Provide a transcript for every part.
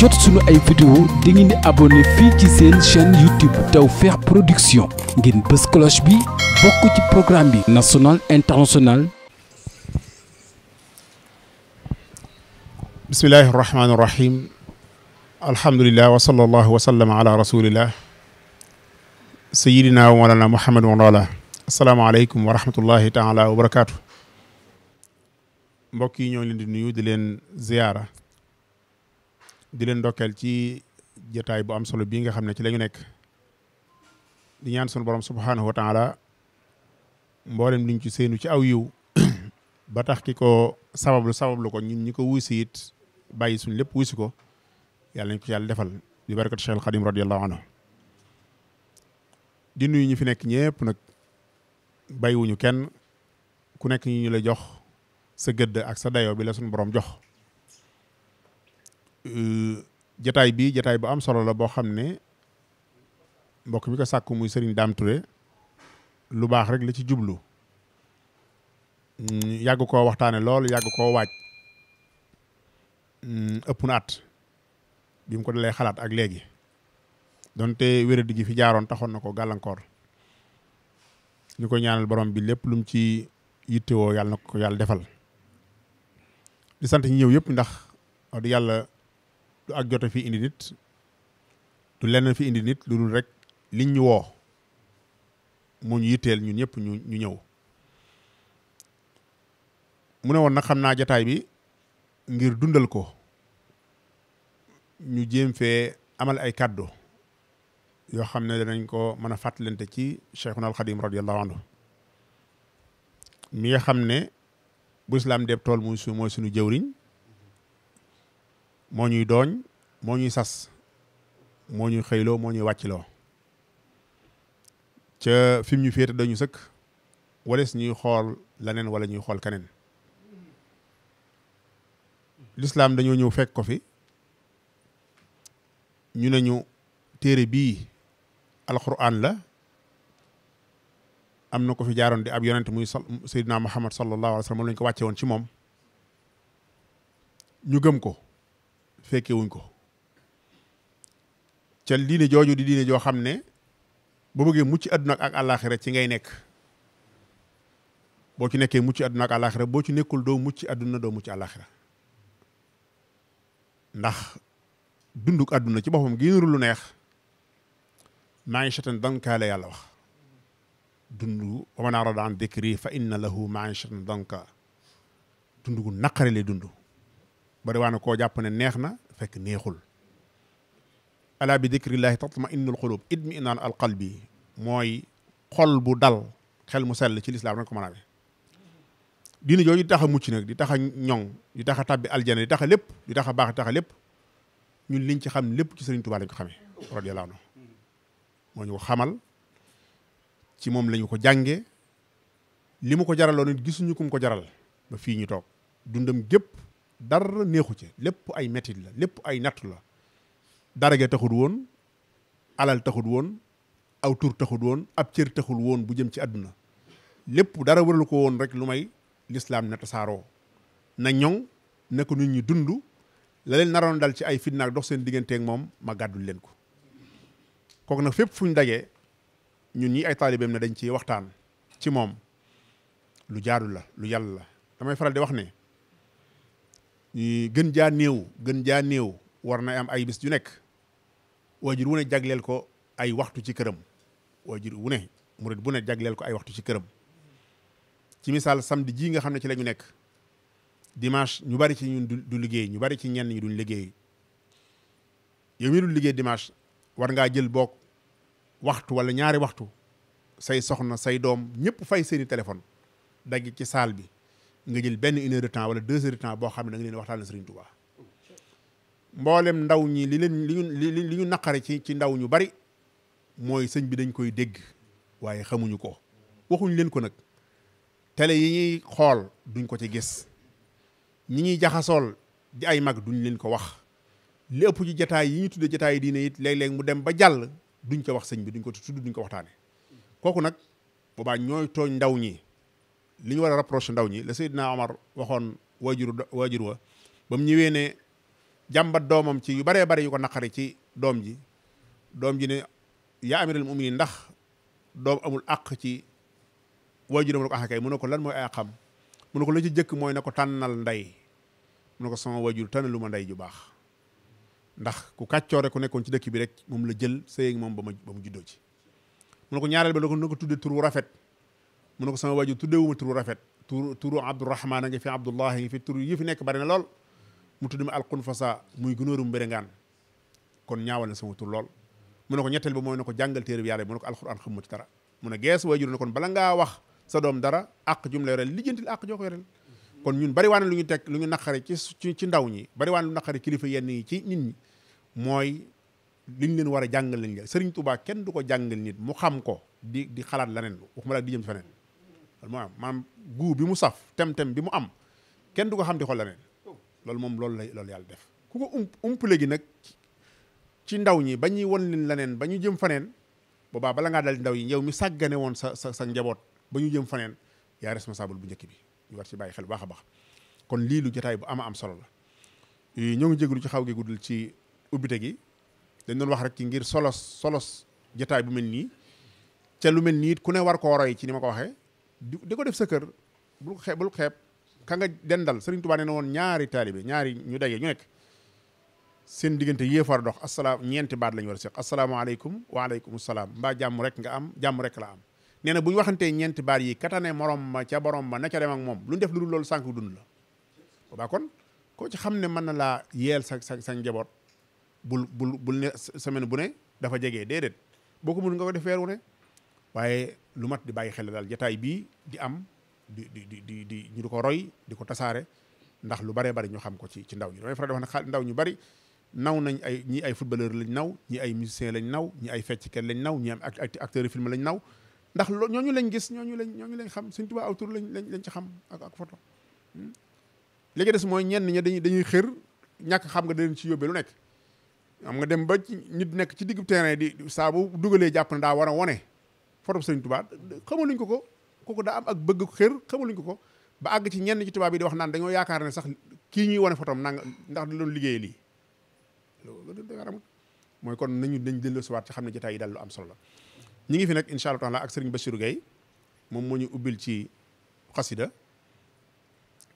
jot suñu ay vidéo da ngeen di abonné fii ci seen chaîne YouTube Tawfekh Production ngeen bës cloche bi bokk ci programme bi national international bismillahi rahmaani rahim alhamdulilah wa sallallahu wa sallam ala rasulillah sayidina wa mawlana muhammad wa ala asalaamaaleykum wa rahmatullahi taala wa barakaatu mbokk yi ñoo leen di nuyu di leen ziyaara di leen ndokkeel ci jotaay bu am solo bii nga xam ne ci la nekk di ñaan sunu borom subhaanahu wa taala mboolem liñ ci seenu ci aw yiw ba tax ki ko sabablu sabablu ko ñun ñi ko wuusi it bàyyi suñ lépp si ko yàlla nañ ko yàlla defal bi barakat Cheikh al Xadim radiyallahu anhu di nuyu ñu fi nekk ñëpp nag bàyyiwuñu kenn ku nekk ñu ñu la jox sa gëdd ak sa dayoo bi la suñu boroom jox Euh, jataay bi jataay bu am solo la boo xam ne mbokk mi ko sàkku muy sëriñ Dame Touré lu baax rek la ci jublu mm, yàgg koo waxtaane lool yàgg koo waaj mm, ëpp na at bi mu ko dalee xalaat ak léegi donte wéradi gi fi jaaroon taxoon na ko gàllankoor ñu ko ñaanal borom bi lépp lum mu ci yittewoo yàlla na ko yàlla defal di sant ñëw yëpp ndax wax dëgg yàlla du ak jote fi indi nit du leneen fi indi nit lu dul rek liñ ñu woo moo ñu yitteel ñun ñëpp ñu ñu ñëw mu ne woon na xam naa jataay bi ngir dundal ko ñu jéem fee amal ay kàddu yoo xam ne danañ ko mën a fàttalante ci Cheikhuna al Xadim radiyallahu anhu mi nga xam ne bu islaam deb tool mu su mooy suñu jëwriñ moo ñuy dooñ moo ñuy sas moo ñuy xëyloo moo ñuy wàcciloo ca fim ñu féete dañu sëkk wales ñuy xool leneen wala ñuy xool keneen lislaam dañoo ñëw fekk ko fi ñu ne ñu téere bii alxuraan la am na ko fi jaaroon di ab yonent muy Seydina Muhammad sallallahu alayhi wa sallam lañ ko wàcce woon ci moom ñu gëm ko fekke wuñ ko ca diine jooju di diine joo xam ne boo bëggee mucc àdduna ak àllaaxira ci ngay nekk boo ci nekkee mucc àdduna ak àllaaxira boo ci nekkul doo mucc àdduna doo mucc àllaaxira ndax dunduk àdduna ci boppam génneru lu neex maa ngi chatan danka la yàlla wax dund wa man arada an fa inna lahu maa ngi chatan danka dund naqare lay dund bari waa na koo jàpp ne neex na fekk neexul alaa bi dikrillaahi ma innul xulub idmi inaan al qalbi mooy xol bu dal xel mu sell ci lislaam rek ko mën a amee diina jooju di tax a mucc nag di tax a ñoŋ di tax a aljana di tax lépp di tax a baax di taxa lépp ñun liñ ci xam lépp ci sëriñ Tuubaa lañ ko xamee radiyallaahu moo ñu ko xamal ci moom lañu ko jànge li mu ko jaraloon it gisuñu kum ko jaral ba fii ñu toog dundam gépp dara neexu ci lépp ay métit la lépp ay nattu la darage taxul woon alal taxut woon aw tur taxul woon ab cër taxul woon bu jëm ci àdduna lépp dara waralu ko woon rek lu may lislaam na tasaaroo na ñoŋ na ko nit ñi dund la leen naroon dal ci ay fitnaak dox seen digganteeg moom ma gàddul leen ko kooku nag fépp fu ñu dajee ñun ñii ay taalibeem ne dañ ci waxtaan ci moom lu jaadu la lu yàlla la damay faral di wax ne gën jaa néew gën jaa néew war na am ay bis yu nekk waajur wu ne jagleel ko ay waxtu ci këram waajur wu ne murid bu ne jagleel ko ay waxtu ci këram ci misaal samedi ji nga xam ne ci lañu nekk dimanche ñu bari ci ñun du liggéey ñu bari ci ñenn ñi duñ liggéey yow mi du liggéey dimanche war ngaa jël boog waxtu wala ñaari waxtu say soxna say doom ñëpp fay seeni téléphone dagg ci saal bi nga jël benn une heure de temps wala deux heures de temps boo xam ne da nga leen waxtaan Serigne Touba mboolem ndaw ñi li leen li ñu li ñu naqare ci ci ndaw ñu bari mooy sëñ bi dañ koy dégg waaye xamuñu ko waxuñ leen ko nag télé yi ñuy xool duñ ko ci gis ñi ñuy jaxasool di ay mag duñ leen ko wax li ëpp ci jataay yi ñu tudde jataay yi diine it léeg-léeg mu dem ba jàll duñ ko wax sëñ bi duñ ko tudd duñ ko waxtaane kooku nag boobaa ñooy tooñ ndaw ñi li ñu war a rapproché ndaw ñi la Seydina Omar waxoon waajur waajur wa ba mu ñëwee ne jàmbat doomam ci yu baree bari yu ko naqari ci doom ji doom ji ne yaa amiral mu'minin ndax doom amul àq ci waajuram la ko àq ah, kay mu ne ko lan mooy ay àqam mu ne ko la ci jëkk mooy na ko tànnal ndey mu ne ko sama waajur tànnalu ma ndey ju baax ndax ku kàccoore ku nekkoon ci dëkk bi rek moom la jël sëyeeg moom ba ma ba mu juddoo ci mu ne ko ñaareel ba ne ko na ko tudde tur rafet mu ne ko sama waajur tuddewuma turu rafet turu turu abdourahman a ngi fi abdoullah ngi fi turu yi fi nekk bari na lool mu tudd ma alqunfasa muy gunóorum mbérengaan kon ñaawal na sama tur lool mu ne ko ñetteel bi mooy ne ko jàngal téere bi yàlla bi mu ne ko alquran xamu ci dara mu ne gees waajur ne kon bala ngaa wax sa doom dara àq jum la yoreel lijjantil àq joo ko yoreel kon ñun bari waan lu ñu teg lu ñu naqari ci ci ndaw ñi bari waan lu naqari kilifa yenn yi ci nit ñi mooy liñ leen war a jàngal lañ la Sëriñ Tuubaa kenn du ko jàngal nit mu xam ko di di xalaat leneen waxuma la di jëm feneen loolu moo am guu bi mu saf tem-tem bi mu am kenn du ko xam di xool leneen loolu moom loolu lay loolu yàlla def ku ko ump umpale gi nag ci ndaw ñi ba ñuy won leen leneen ba ñu jëm faneen boobaa bala ngaa dal ndaw yi yow mi sàggane woon sa sa sa njaboot ba ñu jëm faneen yaa responsable bu njëkk bi ñu war ci bàyyi xel bu baax a baax kon lii lu jotaay bu ama am solo la ñoo ngi jégalu ci xaw gi guddul ci ubbite gi dañ doon wax rek ci ngir solos solos jotaay bu mel nii ca lu mel nii ku ne war koo roy ci ni ma ko waxee di ko def sa kër bul xeeb bul xeeb ka nga dendal Serigne Touba nee na woon ñaari taalibe ñaari ñu daje ñu nekk seen diggante yéefar dox asalaam ñeenti baat lañu ñu war a seq asalaamaaleykum waaleykum salaam mbaa jàmm rek nga am jàmm rek la am nee bu ñu waxantee ñeenti baat yi katane morom ma ca borom ma na ca dem moom lu ñu def lu loolu sànq dund la boobaa kon koo ci xam ne mën na laa yeel sa sa sa njaboot bul bul bul semaine bu ne dafa jege déedéet boo ko mën nga ko def weer ne waaye lu mat di bàyyi xel daal jataay bii di am di di di di di ñu di ko roy di ko tasaare ndax lu bare bari ñu xam ko ci ci ndaw ñi damay faral di wax ne ndaw ñu bari naw nañ ay ñii ay footballeur lañ naw ñii ay musicien lañ naw ñii ay fecc kenn lañ naw ñii am acteur film lañ naw ndax loo ñooñu lañ gis ñooñu lañ ñooñu lañ xam Sëñ Tuubaa aw tur lañ lañ xam ak ak photo hmm? léegi des mooy ñenn ñi dañuy dañuy xër ñàkk xam nga daleen ci yóbbee lu nekk am nga dem ba nit nekk ci diggu terrain di saabu dugalee jàpp na daa war a wone forom sëriñ Tuubaa xamaluñ ko ko kooku daa am ak bëgg xër xamaluñ ko ko ba àgg ci ñenn ci tubaab yi di wax naan dañoo yaakaar ne sax kii ñuy wane fotom nanga ndax da doon liggéeye lii mooy kon nañu dañ delloo siwaat ci xam ne jotaay yi daal lu am solo la ñi ngi fi nag incha allah taala ak sëriñ Bassirou Gueye moom moo ñu ubbil ci xasida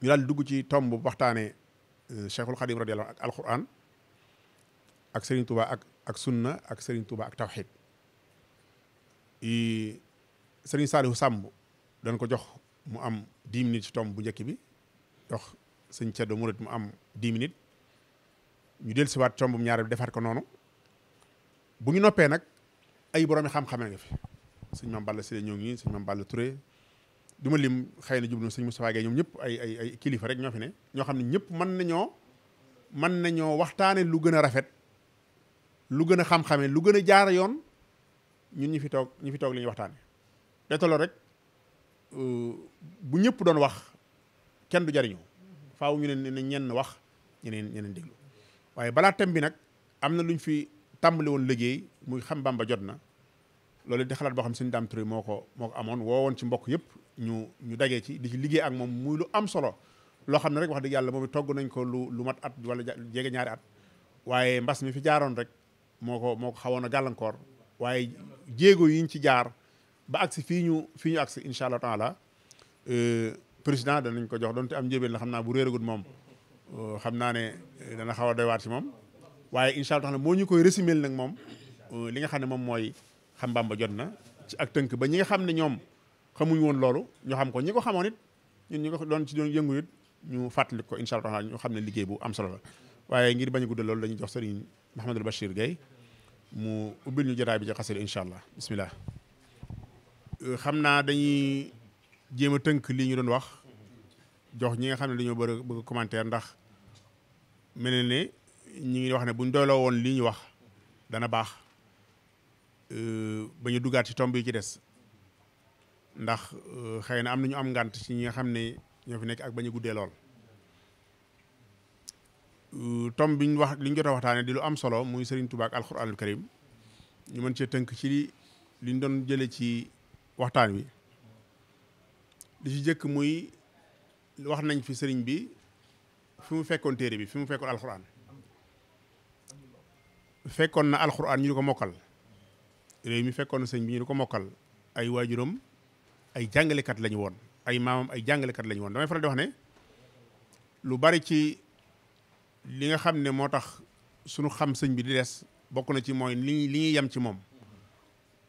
ñu daal dugg ci tomb bu waxtaanee euh, Cheikhul Khadim radiyallahu ak alquran ak sëriñ Tuubaa ak ak sunna ak sëriñ tubaa ak tawxid i sëriñ Saalihu Sàmb dañ ko jox mu am 10 minutes ci tomb bu njëkk bi jox sëñ Ceddo Murit mu am 10 minutes ñu del siwaat tombum ñaar bi defaat ko noonu bu ñu noppee nag ay boroomi xam-xame nga fi sëñ Mame si Sile ñoo ngi sëñ Mame Balla Touré du ma lim xëy na jublu sëñ Moustapha Gueye ñoom ñëpp ay ay ay kilifa rek ñoo fi ne ñoo xam ne ñëpp mën nañoo mën nañoo waxtaane lu gën a rafet lu gën a xam-xame lu gën a jaar yoon ñun ñi fi toog ñi fi toog li ñuy waxtaane day tolloo rek euh, bu ñëpp doon wax kenn du jariñu faaw ñu ne ñenn wax ñeneen ñeneen déglu waaye balaa thème bi nag am na lu ñu fi tàmbali woon liggéey muy xam Bamba jot na loolu di xalaat boo xam Sëñ Dame Touré moo ko moo amoon woo woon ci mbokk yëpp ñu ñu dagee ci di ci liggéey ak moom muy lu am solo loo xam ne rek wax dëgg yàlla moom it togg nañ ko lu lu mat at wala jege ñaari at waaye mbas mi fi jaaroon rek moo ko moo xawoon a gàllankoor waaye jéego yiñ ci jaar ba agsi fii ñu fii agsi incha allah taala euh, président danañ ko jox donte am njëbeen na xam naa bu réeragut moom euh, xam naa ne euh, dana xaw a doy waar ci moom waaye incha allah moo ñu koy résimel nag moom li nga xam ne moom mooy xam bamba jot na ci ak tënk ba ñi nga xam ne ñoom xamuñ woon loolu ñu xam ko ñi ko xamoon ñu ñun ñi ko doon ci doon yëngu it ñu fàttali ko incha allah ñu xam ne liggéey bu am solo la waaye ngir bañ a guddal loolu dañuy jox sëriñ Mahamadul Bachir Gueye mu ubbil ñu jataay bi ci xasida incha allah bisimilah. Euh, xam naa dañuy jéem a tënk lii ñu doon wax jox ñi nga xam ne dañoo bëri bëgg commentaire ndax mel na ne ñi ngi wax ne buñ doyloo woon lii ñu wax dana baax euh, ba ñu dugaat ci tomb yi ci des ndax euh, xëy na am na ñu am ngànt ci ñi nga xam ne ñoo fi nekk ak ba ñu guddee lool. tom biñ wax liñ jot a waxtaanee di lu am solo muy Serigne Touba ak alxuraanul karim ñu mën cee tënk ci liñ doon jëlee ci waxtaan wi li ci jëkk muy wax nañ fi sëriñ bi fi mu fekkoon téere bi fi mu fekkoon alxuraan fekkoon na alxuraan ñu di ko mokkal réew mi fekkoon na sëriñ bi ñu di ko mokkal ay waajuram ay jàngalekat lañu woon ay maamam ay jàngalekat lañu woon damay faral di wax ne lu bari ci li nga xam ne moo tax sunu xam sëñ bi di des bokk na ci mooy li li ñuy yem ci moom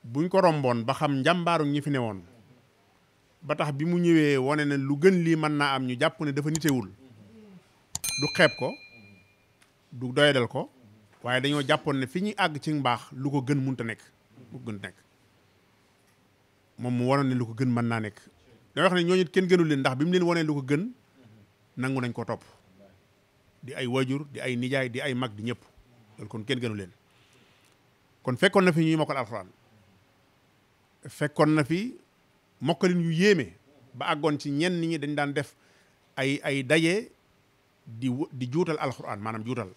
buñ ko romboon ba xam njàmbaaru ñi fi ne woon ba tax bi mu ñëwee wane na lu gën lii mën naa am ñu jàpp ne dafa nitewul du xeeb ko du doyadal ko waaye dañoo jàppoon ne fi ñuy àgg ci mbaax lu ko gën munta nekk gën nekk moom mu waroon ne lu ko gën mën naa nekk da wax ne ñooñut kenn gënul leen ndax bi mu leen wanee lu ko gën nangu nañ koo topp di ay wajur di ay nijaay di ay mag di ñëpp loolu kon kenn gënu leen kon fekkoon na fi ñuy mokkal alxuraan fekkoon na fi mokkalin yu yéeme ba àggoon ci ñenn ñi dañ daan def ay ay daje di di juutal alxuraan maanaam juutal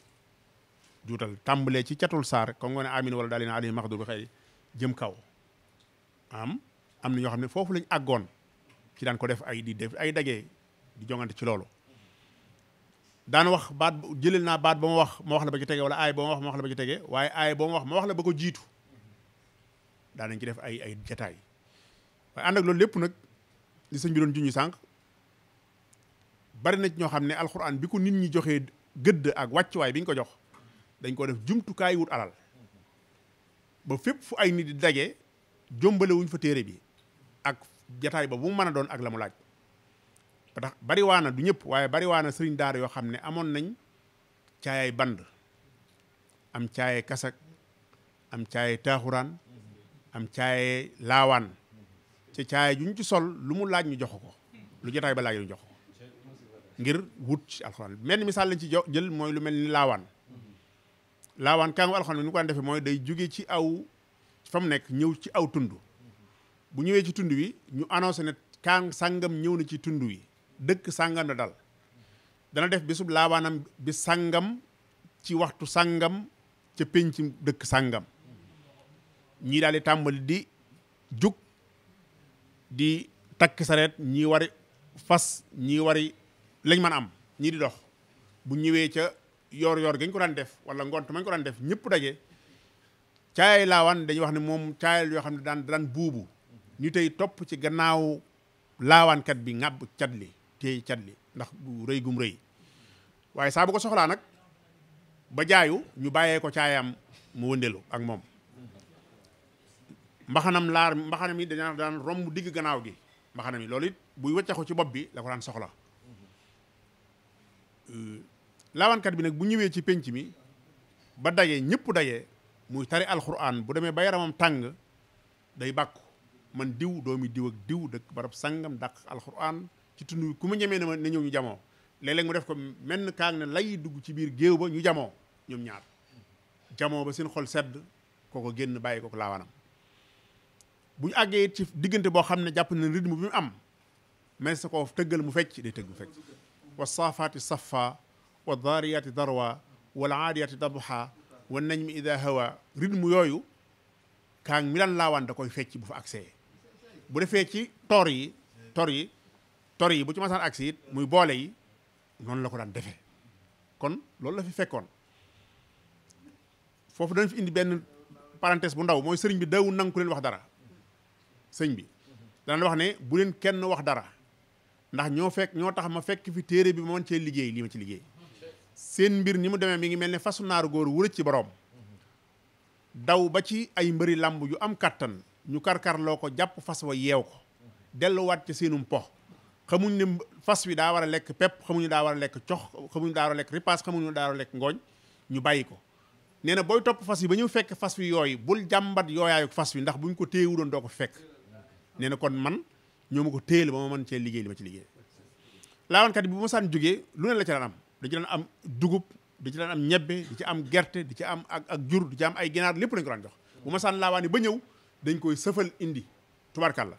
juutal tàmbalee ci catul saar kon nga ne amin wala daal na alim maxdur bi xëy jëm kaw am am na ñoo xam ne foofu lañ àggoon ci daan ko def ay di def ay daje di jongante ci loolu daan wax baat jëlal naa baat ba ma wax ma wax la ba ci tege wala aay ba ma wax ma wax la ba ci tege waaye aay ba ma wax ma ko jiitu daan nañ ci def ay ay jataay waaye ànd ak loolu lépp nag li sëñ bi doon juñu sànq bari na ñoo xam ne alxuraan bi ko nit ñi joxee gëdd ak wàccuwaay bi ñu ko jox dañ koo def jumtukaay wut alal ba fépp fu ay nit di daje jombale fa téere bi ak jataay ba bu mu mën a doon ak la mu laaj ndax bariwaana du ñëpp waaye bariwaana sëriñ daar yoo xam ne amoon nañ caayay band am caayay kasak am caayay taaxuraan am caayay laawaan ca caayay juñ ci sol lu mu laaj ñu jox ko lu jotaay ba laaj ñu jox ko ngir wut ci alxuraan menn misaal lañ ci jo jël mooy lu mel ni laawaan laawaan kàngu alxuraan bi ni ko daan defee mooy day jóge ci aw fa mu nekk ñëw ci aw tund bu ñëwee ci tund wi ñu annoncé ne kàng sàngam ñëw na ci tund wi dëkk sàngam la dal dana def bisub laawaanam bi sàngam ci waxtu sàngam ca pénc dëkk sàngam ñii daal di tàmbali di jug di takk sareet ñii wari fas ñii wari lañ mën am ñii di dox bu ñëwee ca yoor yoor gañ ko daan def wala ngont mañ ko daan def ñëpp daje caayay laawaan dañu wax ne moom caayal yoo xam ne daan daan buubu ñu tey topp ci gannaaw laawaankat bi ŋàbb cat li téye cat li ndax rëy gum rëy waaye saa bu ko soxlaa nag ba jaayu ñu bàyyee ko caayam mu wëndelu ak moom mbaxanam laar mbaxanam yi dañaa daan romb digg gannaaw gi mbaxanam yi loolu it buy waccaxu ci bopp bi la ko daan soxla laawaankat bi nag bu ñëwee ci penc mi ba dajee ñëpp dajee muy tari alxuraan bu demee ba yaramam tàng day bàkku man diw doomi diw ak diw dëkk barab sangam dàq alxuraan ci tund ku ma ñemee ne ma na ñëw ñu jamoo léeg mu def ko menn kaang ne lay dugg ci biir géew ba ñu jamoo ñoom ñaar jamoo ba seen xol sedd kooko génn bàyyi ko laawaanam bu ñu àggee it ci diggante boo xam ne jàpp na rythme bi mu am mais sa koo tëggal mu fecc day tëgg mu fecc wa saafaati safa wa daariyaati darwa wal aadiyaati dabuha wa najmi ida hawa rythme yooyu kaang mi daan laawaan da koy fecc bu fa accès bu defee ci toor yi toor yi tor yi bu ci masaan agsi it muy boole yi noonu la ko daan defe kon loolu la fi fekkoon foofu dañ fi indi benn parenthèse bu ndaw mooy sëriñ bi dawul nangu ku leen wax dara sëñ bi danañ wax ne bu leen kenn wax dara ndax ñoo fekk ñoo tax ma fekk fi téere bi ma mën cee liggéey lii ma ci liggéey seen mbir ni mu demee mi ngi mel ne fasu naaru góor wurëc ci borom daw ba ci ay mbëri làmb yu am kàttan ñu karkarloo ko jàpp fas wa yeew ko delluwaat ci seenum po xamuñ ne fas wi daa war a lekk pepp xamuñu daa war a lekk cox xamuñu daa war a lekk ripaas xamuñu daa war a lekk ngooñ ñu bàyyi ko nee na booy topp fas wi ba ñu fekk fas wi yooyu bul jàmbat yooyaayu fas wi ndax buñ ko téewu doon doo ko fekk nee na kon man ñoo ma ko téel ba ma mën cee liggéey li ma ci liggéey laawankat bi bu ma saan jógee lu ne la ci daan am da ci daan am dugub da ci daan am ñebbe di ci am gerte di ci am ak ak jur di ci am ay ginaar lépp lañ ko daan jox bu ma saan laawaani ba ñëw dañ koy sëfal indi tubarkalla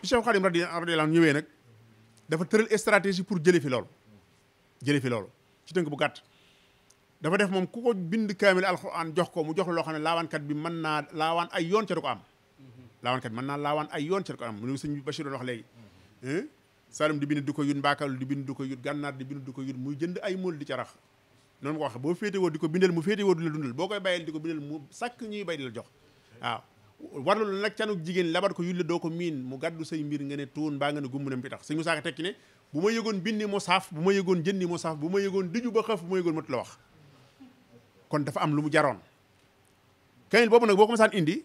bi Cheikh Khadim radiyallahu anhu ñëwee nag dafa tëral stratégie pour jëlee fi loolu jëlee fi loolu ci tënk bu gàtt dafa def moom ku ko bind kaamil alxuraan jox ko mu jox loo xam ne laawaankat bi mën naa laawaan ay yoon ca du ko am laawaankat bi mën naa laawaan ay yoon ca du ko am lu sëñ Bachir doon wax léegi Saalum di bind du ko yut mbaakal di bind du ko yut gànnaar di bind du ko yut muy jënd ay mool di ca rax noonu ko waxe boo féete woo di ko bindal mu féete woo du la dundal boo koy bàyyil di ko bindal mu sàkk ñuy bay di la jox waaw warlu la nag canuk jigéen labat ko yulle doo ko miin mu gàddu say mbir nga ne tuun mbaa nga ne gummunam bi tax sëñ Musaa Ka tekki ne bu ma yëgoon bindi mo saaf bu ma yëgoon jëndi mo saaf bu ma yëgoon diju ba xëf bu ma yëgoon matu la wax kon dafa am lu mu jaroon kaamil boobu nag boo ko masaan indi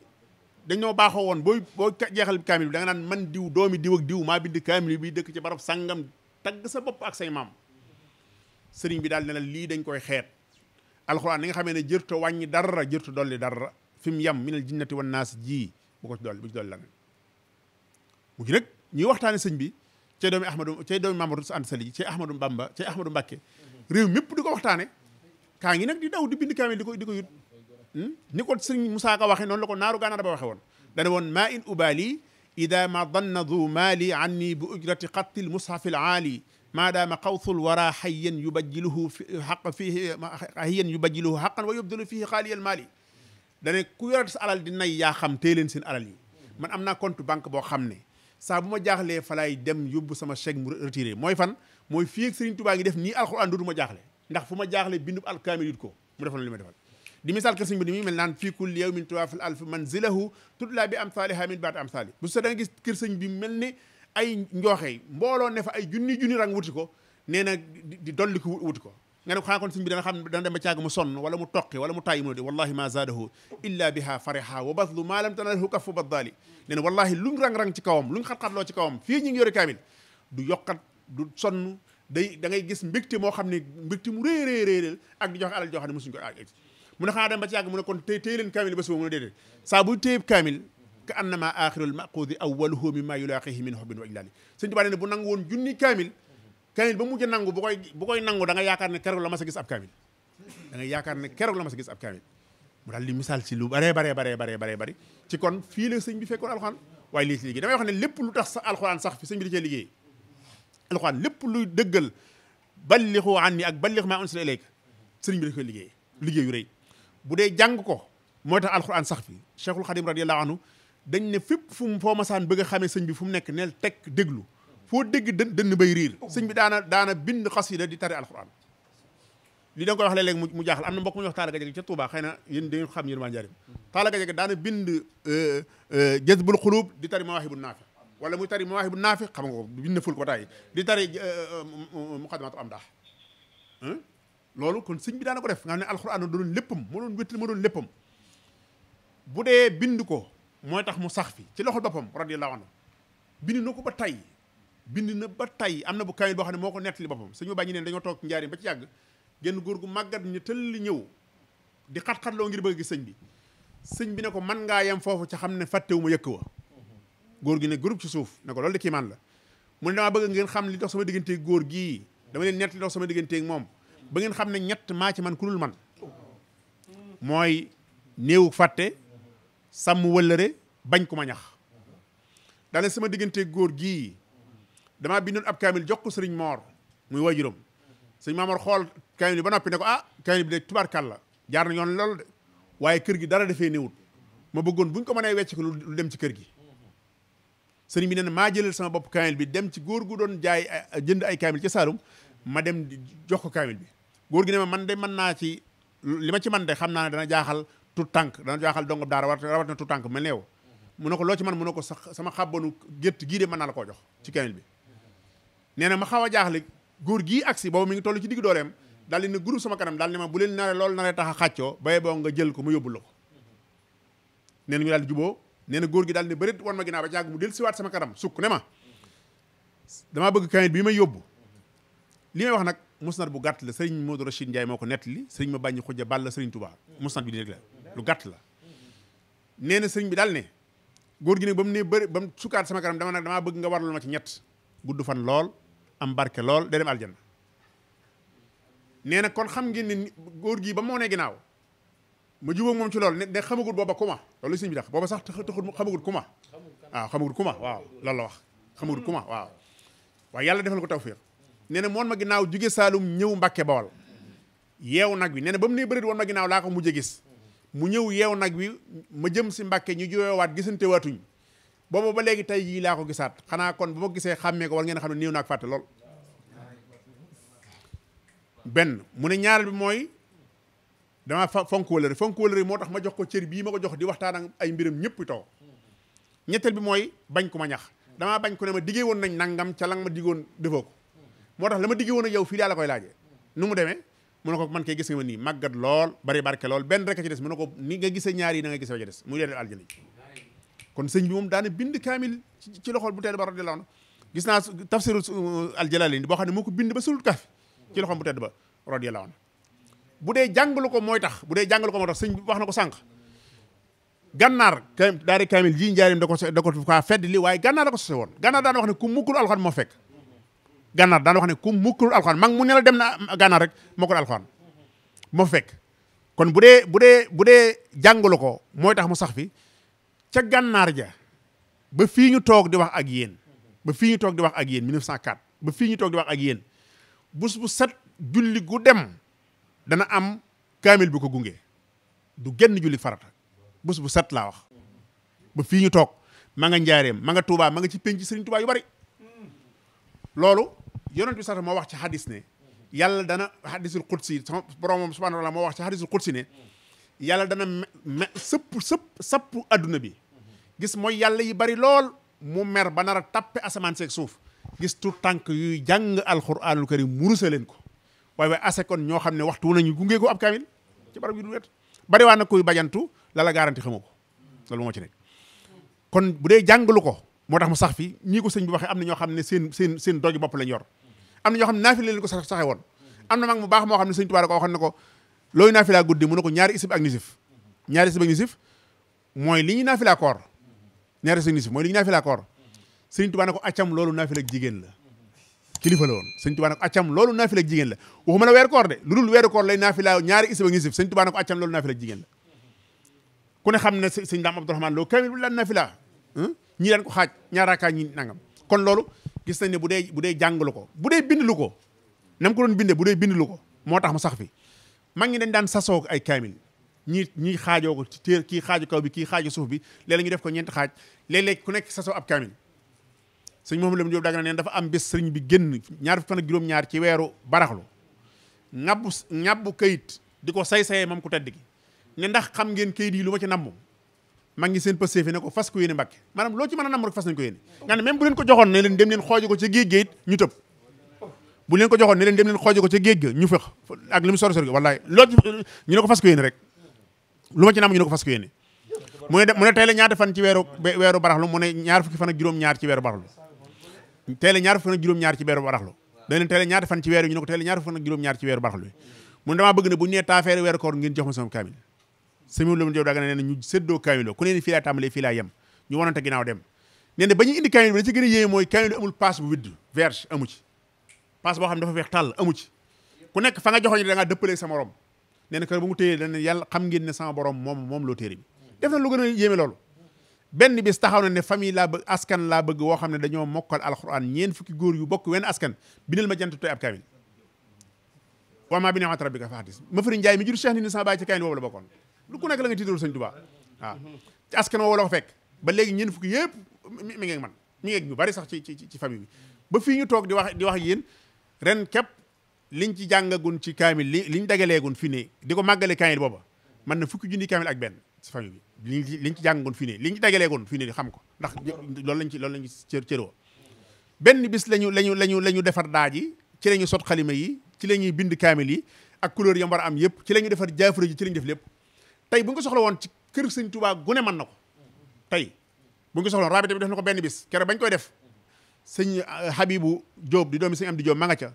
dañ dañoo baaxoo woon booy boo jeexal kaamil bi da daan man diw doomi diw ak diw maa bind kaamil bi dëkk ci barab sangam tagg sa bopp ak say maam sëriñ bi daal ne lii dañ koy xeet alxuraan ni nga xamee ne jërto wàññi dara jërto dolli dara fi mu yem minal jinnati wan naas ji bu ko ci dolli bu ci dolli la mu ngi nag ñuy waxtaane sëñ bi cey doomi ahmadu cey doomi mamadou sa ant sali cey ahmadu bamba cey ahmadu mbàkke réew mépp di ko waxtaane kaa ngi nag di daw di bind kaamil di ko di ko yut hmm? ni ko sëñ Musaa Ka waxe noonu la ko naaru gaanaar ba waxe woon dana woon maa in ubaali ida ma danna du maali anni bu ujrati xatti l mushafi l aali maadaama xawtul wara hayyan yubajjiluhu xaq fihi hayyan yubajjiluhu xaqan wa yubdilu fihi xaaliya l maali dane ku yorat sa alal di nay yaa xam téye leen seen alal yi man am naa compte banque boo xam ne saa bu ma jaaxlee falaay dem yóbbu sama chèque mu retiré mooy fan mooy fii ak Serigne Touba def nii alxuraan dootu ma jaaxle ndax fu ma jaaxlee bindub alkaamil yut ko mu defal li ma defal di misaal kër sëriñ bi ni muy mel naan fii kulli yawmin tuwaafil alf manzilahu tutlaa bi amsaalihaa min baat amsaali bu sa da nga gis kër sëriñ bi mel ni ay njooxee mbooloo ne fa ay junni junni rang wuti ko nee na di dolli ko wuti ko nga ne ko xanaa kon sëñ bi dana xam dana dem ba caag mu sonn wala mu toqi wala mu tàyyi mu de wallahi ma zaadahu illa biha fariha wa baslu ma lam tanalhu kaffu baddaali nee wallahi luñ rang ci kawam luñ xat ci kawam fii ñu ngi du yokkat du sonn day da ngay gis mbégte moo xam ne mbégte mu réy réy ak di joxe alal joo xam ne mosuñ ko àgg ah, eh. mu ne ba ci mu ne kon tey tey leen kaamil ba suba mu ne déedéet saa buy téyeb kaamil ka annama axiru l maquudi awaluhu mimma yulaaqihi min hubbin wa ijlaali sëñ Tuubaa ne bu kaamil kamil ba mujj nangu bu koy bu koy nangu da nga yaakaar ne keroog la ma sa gis ab kamil yaakaar ne keroog la ma sa ab kamil mu daal di misaal si lu baree bare baree bare baree bëri ci kon fii la sëñ bi fekkoon alxuraan waaye lii ci liggéey damay wax ne lépp lu tax sa alxuraan sax fi sëñ bi da cee liggéey alxuraan lépp luy dëggal ballixu an ak ballix maa unsila ilayka sëriñ bi da koy liggéey liggéey yu bu dee jàng ko mooy tax alxuraan sax fi cheikhul xadim radiallahu anhu dañ ne fépp fu mu foo masaan bëgg a xamee sëñ bi fu mu nekk neel teg déglu foo dégg dën dënn bay riir sëñ bi daana daana bind xasida di tari alquran di da ko koy wax léeg-léeg mu jaaxal am na mbokk mu ñuy wax taalaga jeg na yéen xam waa Njaaréem taalaga jeg daana bind euh, euh, jazbul xulub di tari mawaahibu naafi wala muy tari mawaahibu naafi xam nga ko bind na ful ko tàyyi di tari euh, muqaddimaatu am daax loolu kon sëñ bi daana ko def nga xam ne alquran doon léppam moo doon wéttal moo doon léppam bu dee bind ko mooy tax mu sax fi ci loxol boppam radiyallahu anhu bind na ko ba tey bind na ba tay am na bu kaamil boo xam ne moo ko nettali boppam suñu bàññi neen dañoo toog njaariñ ba ci yàgg genn góor gu màggat ñu tëll ñëw di xat-xatloo ngir bëgg gis sëñ bi sëñ bi ne ko man ngaa yem foofu ci xam ne fàttewu ma yëkk wa góor gi ne groupe ci suuf ne ko loolu de kii man la mu ne damaa bëgg ngeen xam li dox sama digganteeg góor gii dama leen ba ngeen xam ne ñett maa ci man ku dul man mooy néewu fàtte sàmm wëllëre bañ ku ma ñax daane sama digganteeg góor gii damaa bindoon ab kaamil jox ko sëriñ Moor muy waajuram sëriñ Maamoor xool kaamil ba noppi ne ko ah kaamil bi de tubaarkàlla jaar na yoon loolu de waaye kër gi dara defee néewut ma bëggoon buñ ko mënee wecc ko lu dem ci kër gi sëriñ bi neen maa jëlal sama bopp kaamil bi dem ci góor gu doon jaay jënd ay kaamil ci Saalum ma dem jox ko kaamil bi goor gi ne ma man de mën naa ci li ma ci man de xam naa dana jaaxal tut tànk dana jaaxal dongob daa rawat na tut tànk mel ne yow mu ne loo ci man mu ne ko sax sama xàbbanu gétt gii de mën naa la koo jox ci kaamil bi nee na ma xaw a jaaxle góor gii agsi boobu mi ngi toll ci digg dooleem daal di ne groupe sama kanam daal ne ma bu leen nare loolu naree tax a xàccoo baye boo nga jël ko ma yóbbul la ko nee na ñu na góor gi daal ne bërit wan ma ginnaaw ba jàgg mu del siwaat sama kanam sukk ne ma damaa bëgg kayit bi may yóbbu li wax nag musnad bu gàtt la sëriñ Modou Rachid Ndiaye moo ko nettali sëriñ ma bàññi xujja balla sëriñ Touba musnad bi di rek la lu gàtt la nee na sëriñ bi daal ne góor gi nag ba mu ne ba mu sukkaat sama kanam dama nag damaa bëgg nga warlu ma ci ñett gudd fan lool am barke lool day dem aljanna nee na kon xam ngeen ne góor gii ba moo ne ginnaaw ma jubóog moom ci loolu ne ne xamagul booba kuma loolu sëñ bi tax booba sax taxul xamagul kuma waaw xamagul kuma waaw loolu la wax xamagul kuma waaw waaye yàlla defal ko tawfiq nee na moon ma ginnaaw jóge Saalum ñëw Mbàkke Bawol yeew nag bi nee na ba mu nee bërit woon ma ginnaaw laa ko mujj a gis mu ñëw yeew nag wi ma jëm si Mbàkke ñu joowaat gisante waatuñ boobu ba léegi tey jii laa ko gisaat xanaa kon bu ma gisee xàmmee ko war ngeen xam ne néew naak fàtte lool benn mu ne ñaareel bi mooy dama fonk wëlëri fonk wëlëri moo tax ma jox ko cër bii ma ko jox di waxtaan ak ay mbiram ñëpp taw ñetteel bi mooy bañ ku ma ñax damaa bañ ku ne ma diggee woon nañ nangam ca lang ma diggoon defoo ko moo tax la ma diggee woon ak yow fii daa la koy laajee nu mu demee mu ne ko man kay gis nga ma nii màggat lool bari barke lool benn rek a ci des mu ñaar yi na nga gisee wa ca des kon sëñ bi moom daana bind kaamil ci loxol bu tedd ba radiyallahu anhu gis naa tafsiru uh, aljalalayn boo xam ne moo ko bind ba sulul kaaf ci loxol bu tedd ba radiyallahu anhu bu dee jàngalu ko mooy tax bu dee jàngalu ko mooy tax sëñ bi wax na ka daari da ko da ko kaa fedd li waaye gannaar la ko sose woon gannaar daan wax ne ku mukkul alxuraan moo fekk gannaar daan wax ne ku mukkul alxuraan mag mu ne la dem na gannaar rek mokkul alxuraan moo fekk kon bu dee bu dee bu dee jàngalu ko mu sax fi ca gànnaar ja ba fii ñu toog di wax ak yéen ba fii ñu toog di wax ak yéen 1904 ba fii ñu toog di wax ak yéen bus bu set julli gu dem dana am kaamil bu ko gunge du genn julli farata bus bu set laa wax ba fii ñu toog ma nga njaareem ma nga tuubaa ma nga ci penc sëriñ tuubaa yu bari loolu yonent bi sax moo wax ci hadis ne yàlla dana hadisul qudsi sama boromam subhanahu wa taala moo wax ci hadisul qudsi ne yàlla dana me sëpp sëpp sëpp adduna bi gis mooy yàlla yi bari lool mu mer ba nar a tàppe asamaan seeg suuf gis tu tànk yuy jàng alxuraanul karim murusa leen ko waaye waaye ase kon ñoo xam ne waxtu wu ñu gungee ko ab kaamil ci barab wet bari waa nag koy bajantu la la garanti xamu ko loolu moo ci nekk kon bu dee jàngalu ko moo tax mu sax fi ñii ko sëñ bi waxee am na ñoo xam ne seen seen seen dogi bopp lañ yor am na ñoo xam ne naafi leen ko saxe woon am na mag mu baax moo xam ne sëñ ko looyu naafilaa guddi mu ne ko ñaari isib ak nisif ñaari isib ak nisif mooy li ñuy naafilaa koor ñaari isib ak nisif mooy li ñuy naafilaa koor sëriñ Tuubaa ko accam loolu naafila ak jigéen la kilifa la woon sëriñ Tuubaa ne ko accam loolu naafila ak jigéen la waxuma la weer koor de lu dul weeru koor lay naafilaa ñaari isib ko accam loolu naafila ak jigéen la ku ne xam ne sëriñ Daam Abdourahmane Lo kamil bu ko xaaj ñaaraakaa ñi nangam kon loolu gis nañ bu dee bu dee jàngalu ko bu dee bindi lu ko nam ko doon binde bu dee bind lu ko moo tax mu sax fi mag ñi dañ daan sasoo ay kaamil ñi ñii xaajoo ko ci kii xaaju kaw bi kii xaaju suuf bi léeg-léeg def ko ñeenti xaaj léeg-léeg ku nekk sasoo ab kaamil sëñ Mouhamadou Lamine Diop Dagana neen dafa am bés sëriñ bi génn ñaar fan ak ci weeru baraxlu xam ngeen kayit yi lu ma ci namm maa ngi seen pësee fi ne ko fas ko yéene mbàkke maanaam loo ci mën a namm rek fas nañ ko yéene nga ne même leen ko joxoon ne dem leen xooji ko ci géej géej ñu tëb bu leen ko joxoon ne leen dem leen xooji ko ca géej ga ñu fex ak li mu sori sori wallaay loolu ñu ne ko fas ko yéene rek lu ma ci naam ñu ne ko fas ko yéene mu ne mu ne tey la ñaata fan ci weeru weeru baraxlu mu ne ñaar fukki fan ak juróom-ñaar ci weeru baraxlu tey la ñaar fukki fan ak juróom-ñaar ci weeru baraxlu dañ leen tey la ñaata fan ci weeru ñu ne ko tey la ñaar fukki fan ak juróom-ñaar ci weeru baraxlu mu ne damaa bëgg ne bu ñu nee taafeere weeru koor ngeen jox ma sama kaamil sami lu mu jow daga nee na ñu séddoo kaamil ku ne fii laa tàmbalee fii laa yem ñu wonante ginnaaw dem nee na ba ñuy indi kaamil bi la ci gën a yéeme mooy kaamil amul paas bu widd verge amu ci place boo xam ne dafa weex tàll amu ci ku nekk fa nga joxoñ da ngaa dëppalee sa morom nee na kër ba mu téyee dana yàlla xam ngeen ne sama borom moom moom loo téere bi def na lu gën a yéeme loolu benn bis taxaw na ne famille laa bëgg askan laa bëgg woo xam ne dañoo mokkal alxuraan ñeen fukki góor yu bokk wenn askan bindal ma jant tooy ab kaamil waa maa bi ni'mati rabbika fa haddis ma fëri njaay mi jur cheikh ni ni sama baay ci kaamil boobu la bokkoon lu ku nekk la nga tiitarul sëñ Tuubaa waaw ci askan woo la ko fekk ba léegi ñeen fukki yëpp mi ngi ak man mi ngi ak ñu bari sax ci ci ci famille bi ba fii ñu toog di wax di wax yéen ren képp liñ ci jàngagun ci kaamil li liñ dagaleegun fi ne di ko màggale kaamil booba mën na fukki junni kaamil ak benn si famille bi liñ ci liñ ci jàngagun fi ne liñ ci dagaleegun fi ne xam ko ndax loolu lañ ci loolu lañ ci cër cëroo benn bis lañu la ñu defar daaj yi ci la sot xalima yi ci la ñuy bind kaamil yi ak couleur yam war a am yëpp ci la ñu defar jaafara ji ci la ñu def lépp tey bu ñu ko soxla woon ci kër sëñ Tuubaa gune mën na ko tey bu ñu ko soxla bi def na ko benn bis kere bañ koy def sëñ euh, Habibou Diop di doomi sëñ Amdi Diop ma nga ca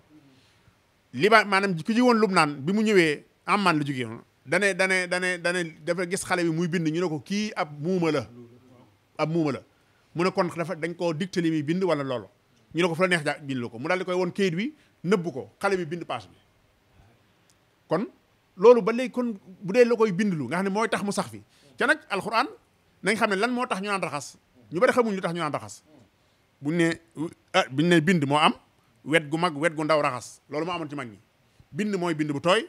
liba maanaam ku ji woon naan bi mu ñëwee amman la jógee dane dane dane dane dafa gis xale bi muy bind ñu ne ko kii ab muuma la ab muuma la mu ne kon dafa dañ koo dicté li muy bind wala loolu ñu ne ko fu la neex ja bind la ko mu daal di koy won kayit bi nëbb ko xale bi bind paas bi kon loolu ba léegi kon bu dee la koy bind lu nga xam ne mooy tax mu sax fi ca nag alxuraan nañ xam ne lan moo tax ñu naan raxas ñu buñ ne ah eh, biñ bind moo am wet gu mag wet gu ndaw raxas loolu moo amoon ci mag ñi bind mooy bind bu tooy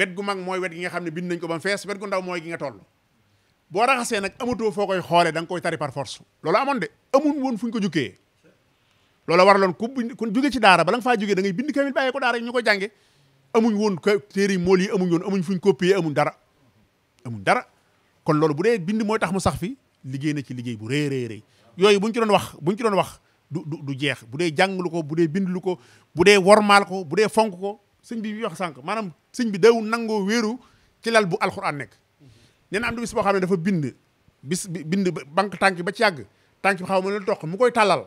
wet gu mag mooy wet gi nga xam ne bind nañ ko ba mu fees wet gu ndaw mooy gi nga toll boo raxasee nag amatoo foo koy xoolee da koy tari force loolu amoon de amun woon fuñ ko jukkee loolu waraloon ku ku jóge ci daara bala nga faa jógee da ngay bind kamil bàyyee ko daara ñu ko jànge amuñ woon ko téere yi mool yi amuñ woon amuñ fuñ copier amuñ dara amuñ dara kon loolu bu dee bind mooy tax mu sax fi liggéey na ci liggéey bu rëy rëy rëy yooyu buñ ci doon wax buñ ci doon wax du du du jeex bu dee jànglu ko bu dee bindlu ko bu dee wormaal ko bu dee fonk ko sëñ bi bi wax sànq maanaam sëñ bi daw nangoo wéeru ci lal bu alxuraan nekk nen na am na bis boo xam ne dafa bind bis bind banque tànk ba ci yàgg tànk bi xaw ma lu toq mu koy tàllal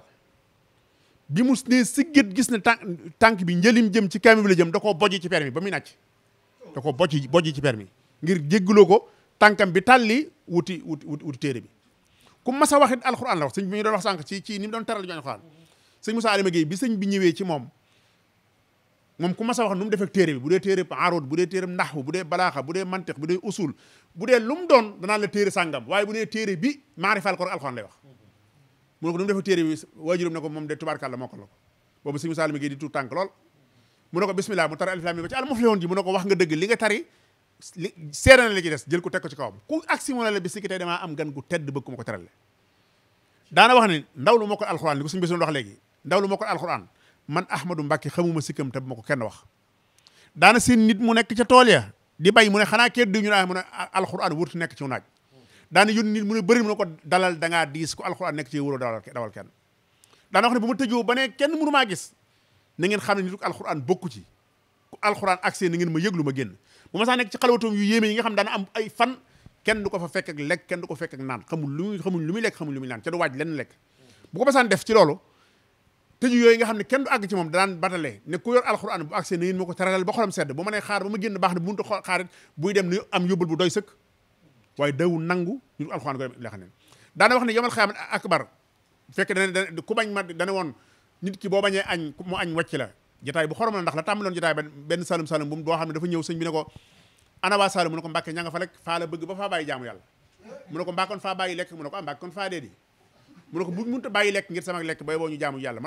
bi mu ne sigget gis ne tànk tànk bi njëlim jëm ci kaamil la jëm da koo bojj ci permis ba muy nàcc da koo bojj bojj ci permis ngir jéggaloo ko tànkam bi tàlli wuti wuti wuti téere bi ku mas a waxit alxuraan la wax sëñ bi ñu doon wax taral ñu alxuraan sëñ Moussa Adama Gueye moom moom ku mas a wax nu mu defee téere bi bu dee téere aroot bu dee téere naxwu bu dee balaaxa bu dee mantiq bu dee usul bu dee lu mu doon danaan la téere sàngam waaye bu dee téere bi maarifa alxuraan lay wax mu ne ko nu mu defee téere bi waajuram ne ko moom de tubaarkàlla mokkal la ko boobu sëñ Moussa Adama Gueye di tuut tànk lool mu ne ko bismillah mu tar alif li nga tari li seere des jël ko teg ko ci kawam ku agsi mu ne la bis ni ki tey damaa am gan gu tedd bëgg ma ko terale daana wax ni ndaw lu mokkal alxuraan li ko suñu bésoon wax léegi man ahmadu mbàkke xamuma sikkam te bu ma ko kenn wax daana seen nit mu nekk ca tool ya di bay mu ne xanaa kee du ñu naa mu ne nekk ci naaj daana yónni nit mu ne bëri ko dalal da ngaa diis ko alxuraan nekk ci wóoroo dawal dawal kenn daana wax ne bu ma tëjoo ba ne kenn mënu maa gis na ngeen xam ne nituk alxuraan bokku ci ku alxuraan agsee na ngeen ma yëglu ma génn bu ma saa nekk ci xalawatoom yu yéeme yi nga xam daana kenn ko fa fekk ak lekk kenn du lu muy xamul lu muy lekk xamul lu muy naan ca ne kenn du ci moom daan batalee ne ku yor alxuraan bu àggsee na yéen ma ko teralal ba xolam sedd bu ma nee xaar ba daana wax ne yomal xiyaamat akbar fekk dana ku bañ ma dana woon nit ki boo bañee añ mu añ wàcc la jataay bu xorom la ndax la tàmbaloon jataay benn salum salum bu mu boo xam ne dafa ñëw sëñ bi ne ko ana waa mu ne ko mbàkke ña fa lekk ah, mu ne ko bu munta bàyyi lekk ngir sama lekk bay ma yàlla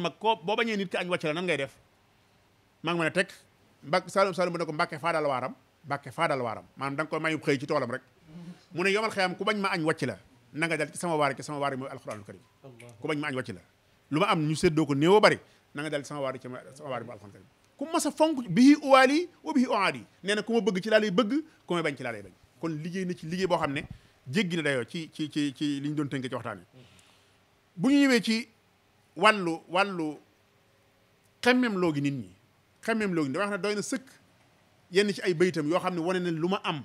mag koo boo bañee nit ki añ wàcc la nan a ko mbàkke faa dal waaram mbàkke faa dal waaram ci toolam na nga dal ci sama waar ci sama waar mooy alxuraanul karim ku bañ ma añ wàcc la lu ma am ñu séddoo ko néew a bari na dal sama waar bu alxamdulillah ku mas a fonk bihi uwaali wa bihi uaadi yi nee na ku ma bëgg ci laa bëgg ku may bañ ci laa lay kon liggéey boo xam ne jéggi na dayoo ci ci ci li ñu doon tënk ci waxtaan wi bu ñu ñëwee ci wàllu wàllu xemmem loogi nit ñi xemmem loogi nit wax doy na sëkk yenn ci ay baytam yoo xam ne wane ne lu ma am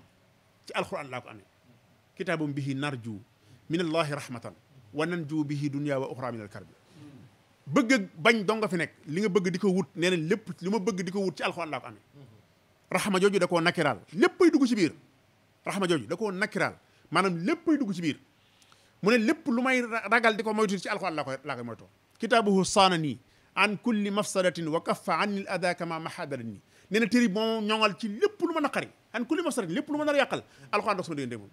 ci alquran laa ko amee kitaabum bihi narju min allahi rahmatan wa nanju bihi dunya wa uxra min alkarbi bëgg bañ dong nga fi nekk li nga bëgg di ko wut nee na lépp li ma bëgg di ko wut ci alxuraan laa ko amee raxma jooju da koo nakiraal léppay dugg ci biir raxma jooju da koo nakiraal maanaam léppay dugg ci biir mu ne lépp lu may ragal di ko moytu ci alxuraan laa koy laa koy moytoo kitaabuhu saana nii an kulli mafsadatin wa kaffa an il ada kama mahadara nii nee na téri moom ñoŋal ci lépp lu ma naqari an kulli mafsadatin lépp lu ma nar a yàqal alxuraan dox sama diggante moom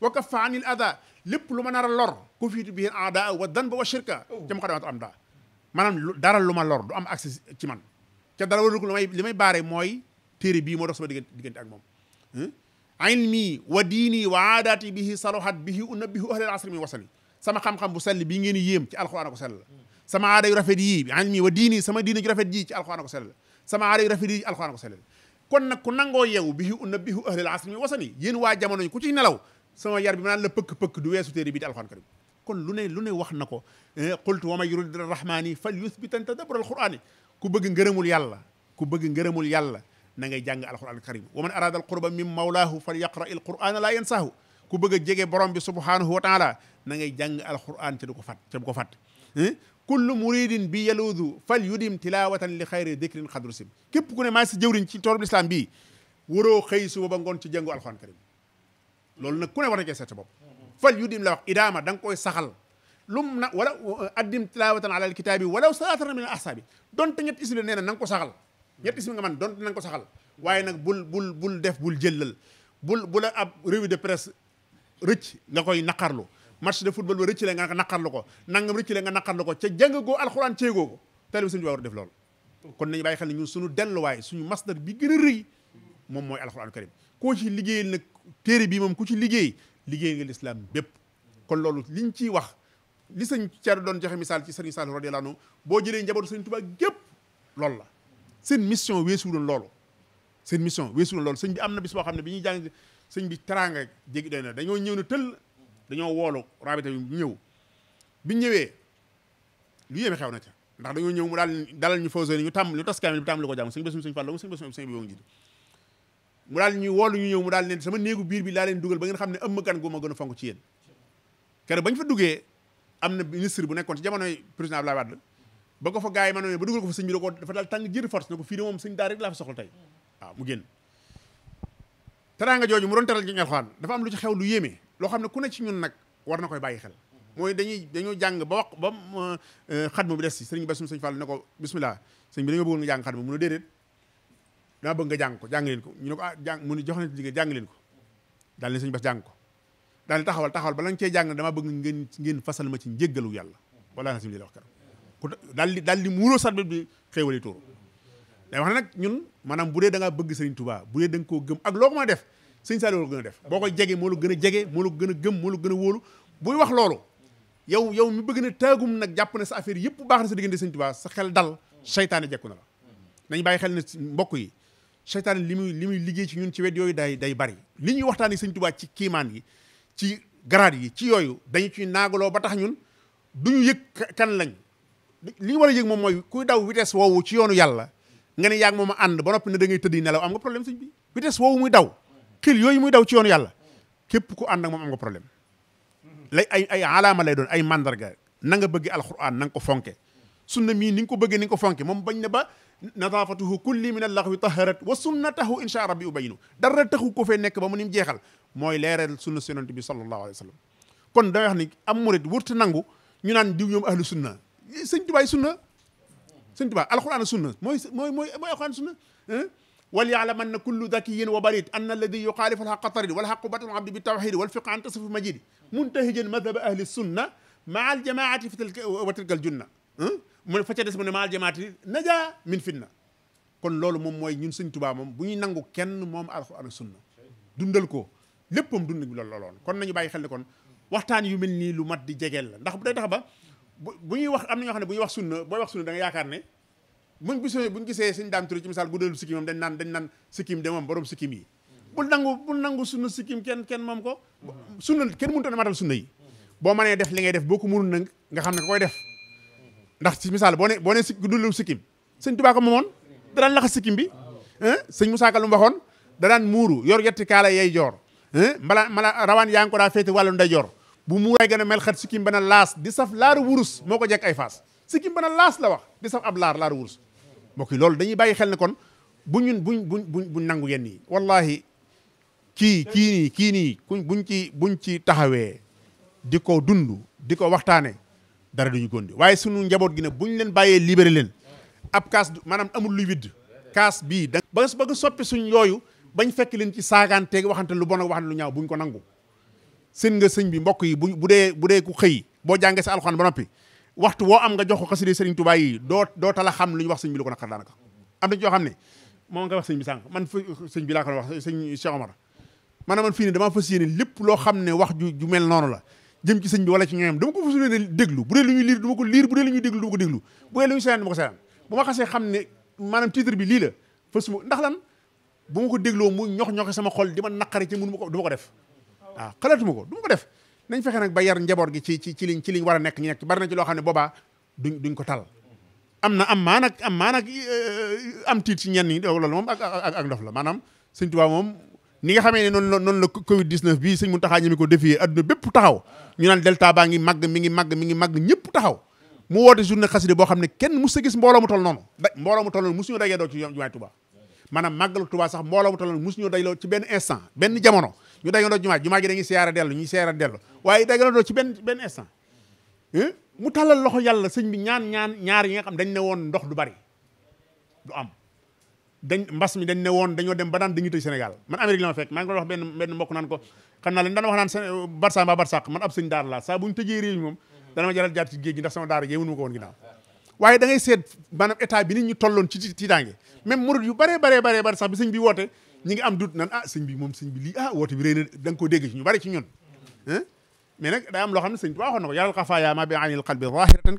wa kaffa an il ada lépp lu ma nar a lor kufiitu bihi aada wa danba wa shirka ca muqaddimatul amda maanaam dara lu ma lor du am accès ci man ca dara waralu ko li may li may baare mooy téere bii moo dox sama diggante diggante ak moom ilmi hmm? wa diini wa aadaati bihi saluhat bihi unabbihu ahlal asri min wasali sama xam-xam bu sell bii ngeen di yéem ci alxuraan ko sell la sama aada yu rafet yii ilmi wa diini sama diini ju rafet jii ci alxuraan ko sell la sama aada yu rafet yii ci alxuraan ko sell la kon nag ku nangoo yeewu bihi unabbihu ahlal asri min wasali yéen waa jamono ku ci nelaw sama yar bi ma naan la pëkk-pëkk du weesu téere bii di alxuraan karim kon lu ne lu ne wax na ko eh, qultu wa man yurid rahmani fal yuthbitan tadabbur alqurani ku bëgg ngërëmul yàlla ku bëgg ngërëmul yàlla na ngay jàng alquran alkarim wa man arada alqurba min mawlaahu fal yaqra alqurana la yansahu ku bëgg a jege borom bi subhanahu wa taala na ngay jàng alquran ca du ko fàtt ca du ko fàtt eh, kullu muridin bi yaluudu fal yudim tilawatan li xayri dikrin xadru sim képp ku ne maa si jëwriñ ci toolub lislaam bii waroo xëy suba ba ngoon ci jàngu alquran karim loolu nag ku ne war na cee seet sa bopp fal yu dim la wax idaama da nga koy saxal lum na wala uh, addim tilawatan ala alkitaabi wala salaatan na al ahsaabi donte ñetti isib la nee na na nga ko saxal ñetti isib nga man donte na nga ko saxal waaye nag bul bul bul def bul jëllal bul bu la ab revue de presse rëcc nga koy naqarlu match de football ba rëcc la nga naqarlu ko nangam rëcc la nga naqarlu ko ca jàngagoo alxuraan ceegoo ko talibi suñu war def loolu kon nañu bàyyi xel ne ñun suñu delluwaay suñu masdar bi gën rëy moom mooy alxuraan karim koo ci liggéeyal nag téere bi moom ku ci liggéey liggéey nga lislaam bépp kon loolu liñ ciy wax li sëñ Thierno doon joxe misaal ci sëriñ Saliou radiyallahu anhu boo jëlee njabootu sëñ Tuubaa gépp loolu la seen mission weesu doon loolu seen mission weesu doon loolu sëñ bi am na bis boo xam ne bi ñuy jàng sëñ bi teraanga jéggi doy na dañoo ñëw ne tëll dañoo woolu rabita bi ñëw bi ñëwee lu yéeme xew na ca ndax dañoo ñëw mu daal dalal ñu fausé ni ñu tàmm ñu tas kaamil bi tàmm li ko jàng sëñ bésum sëñ Fallu sëñ bésum sëñ bi wongi ji mu daal ñu woolu ñu ñëw mu daal leen sama néegu biir bi laa leen dugal ba ngeen xam ne ëmm kan gu ma gën a fonk ci yéen keroog bañ fa duggee am na ministre bu nekkoon ci jamonoy président Abdoulaye Wade ba ko fa gars yi ma ne ba dugal ko fa sëñ bi da ko dafa daal tàng jër force na ko fii de moom sëñ daal rek laa fa soxla tey waaw mu génn teraanga jooju mu lu ci xew lu yéeme loo xam ne ku ne ci ñun nag war na koy bàyyi xel mooy dañuy dañoo jàng ba wax ba euh, xatma bi des si sëriñ Bassirou sëñ Fall ko bismillah sëñ bi dañoo bëggoon nga mu ne daa bëgg nga jàng ko jàng leen ko ñu ne ko ah jàng mu ne jox nañ ci liggéey jàng leen ko dal ne suñu bas jàng ko daal ne taxawal ba lañ cey jàng dama bëgg ngeen ngeen fasal ma ci njéggalu yàlla wala na daal di daal di muuroo sarbet bi xéewali tuuru day wax ne nag ñun maanaam bu dee da bëgg sëriñ Tuubaa bu dee da nga koo gëm loo ko def sëñ Saliou la gën a def boo koy jege moo la a jege moo la a gëm moo la gën a wóolu wax loolu yow yow mi bëgg na taagum nag jàpp ne sa affaire yëpp baax na sa diggante sëñ Tuubaa sa xel dal seytaane jekku na la nañ bàyyi xel ne mbokk yi seytaane li muy li muy liggéey ci ñun ci wet yooyu day day bari li ñuy waxtaanee sëñ Tuubaa ci kiimaan yi ci garaat yi ci yooyu dañu ciy naagaloo ba tax ñun duñu yëg kan lañ li war a yëg moom mooy kuy daw vitesse woowu ci yoonu yàlla nga ne yaa moom a ànd ba noppi ne da ngay tëddi nelaw am nga problème sëñ bi vitesse woowu muy daw xil yooyu muy daw ci yoonu yàlla képp ku ànd ak moom am nga problème lay ay ay alaama lay doon ay mandar na nga bëgg alquran na ko fonke sunna mii ni nga ko bëggee ni ko fonke moom bañ ne ba nadaafatuhu kulli min allaxwi taharat wa sunnatahu insha rabbi ubayinu dara taxu ko fee nekk ba mu nim jeexal mooy leeral sunna si yonent bi sallallahu alayhi wa sallam kon da wax ni am murit wurtu nangu ñu naan diw ñoom ahlu sunna sëñ tubaay sunna sëñ tubaay alquran sunna mooy mooy mooy mooy alquran sunna wal yaalamanna kullu dakiyin wa barid anna alladi yuxaalifu alxaqa tarid walxaqu batul abdi bi tawxidi walfiqa an tasafu majidi muntahijan madhaba ahli sunna maa aljamaati fi tilka wa tilka aljunna mu ne fa ca des mu ne maal jamaati najaa min fitna kon loolu moom mooy ñun sëñ Tuubaa moom bu ñuy nangu kenn moom alxuraan ak sunna ko léppam dund bi loolu looloon kon nañu bàyyi xel ne kon waxtaan yu mel lu mat di jegeel la ndax bu day ba bu na bu ñuy wax sunna booy wax sunna da nga yaakaar ne buñ gisee buñ gisee sëñ bu deelu sikkim moom dañ naan dañ naan sikkim de moom borom kenn kenn moom ko sunna kenn mënut a matal sunna yi boo mënee def li ngay def boo ko mënul nag nga xam ne koy def ndax ci misaal boo ne boo ne si dullu sikkim sëñ Tuubaa ko moomoon danaan laxas sikkim bi sëñ Musaa Ka lu mu waxoon danaan muuru yor yetti kaala yay joor mala mala rawaan yaa ngi ko daa féete wàllu ndeyjoor bu muuraay gën a mel xat sikkim bana laas di saf laaru wurus moo ko jekk ay faas sikkim bana laas la wax di saf ab laar laaru wurus mbokk yi loolu dañuy bàyyi xel ne kon bu ñun buñ buñ buñ buñ nangu yenn yi wallahi kii kii nii kii nii buñ ci buñ ci taxawee di ko dund di ko waxtaane dara duñu góndi waaye suñu njaboot gi ne bu ñu leen bàyyee libéré leen ab kaas maanaam amul luy widd kaas bii da ba bëgg soppi suñ yooyu bañ fekk leen ci saagaanteeg waxante lu bon ak waxante lu ñaaw buñ ko nangu seen nga sëñ bi mbokk yi bu bu dee bu dee ku xëy boo jàngee sa alxuraan ba noppi waxtu woo am nga jox ko xaside sëriñ Tuubaa yi doo doo xam lu ñu wax sëñ bi ko naqar daanaka am nañ yoo xam ne moom nga wax sëñ bi sànq man fa sëñ bi laa ko wax sëñ Cheikh Omar maanaam man fii ne damaa fas yéene lépp loo xam ne wax ju ju mel noonu la jëm ci sëñ bi wala ci ñoom dama ko fa sulee ne déglu bu dee lu ñuy liir dama ko liir bu dee lu ñuy déglu dama ko déglu bu dee lu ñuy seetaan dama ko seetaan bu ko dégloo mu sama xol di ma naqari ci mënu ma ko du ko def waaw ko du ko def nañ fexe nag ba yar njaboot gi ci ci ci liñ ci liñ war a nekk ñu nekk ci bari na ci loo xam ne boobaa duñ am na am maa nag am maa nag euh, am tiit ci ñenn ñi loolu moom ak ak ak ndof la maanaam sëñ Tuubaa moom ni nga xamee ne noonu la noonu la Covid bii sëñ Mountakha ñeme ko défier adduna bépp taxaw ñu naan delta baa ngi màgg mi ngi màgg mi ngi màgg ñëpp taxaw mu woote journée xasida boo xam ne kenn mos a gis mbooloo mu toll noonu da mbooloo mu toll noonu mosuñu dajee doo ci jumaay Touba maanaam màggalu Touba sax mbooloo mu toll noonu mosuñu dajloo ci benn instant benn jamono ñu dajoo doo jumaa jumaa ji dañuy siyaara dellu ñuy siyaara dellu waaye dajoo doo ci mu tàllal loxo yàlla sëñ bi ñaan ñaan ñaar yi nga xam dañ ne woon ndox du bari du am dañ mbas mi dañ ne woon dañoo dem ba naan dañuy tëj Sénégal man Amérique la ma fekk maa ngi doon benn benn mbokk ko xam naa leen daan wax naan man ab sëñ daara laa saa bu ñu tëjee moom dana ma jaral jaar ci géej gi tolloon ci tiitaange même murid yu bare bare bare bare sax bi sëñ bi woote ñi ngi am dut nan ah sëñ bi moom sëñ bi lii ah woote bi rëy na da ko dégg ci ñu bari ci ñun mais nag am loo xam ne sëñ bi waxoon na ko yàlla xafaaya ma bi anil qalbi zahiratan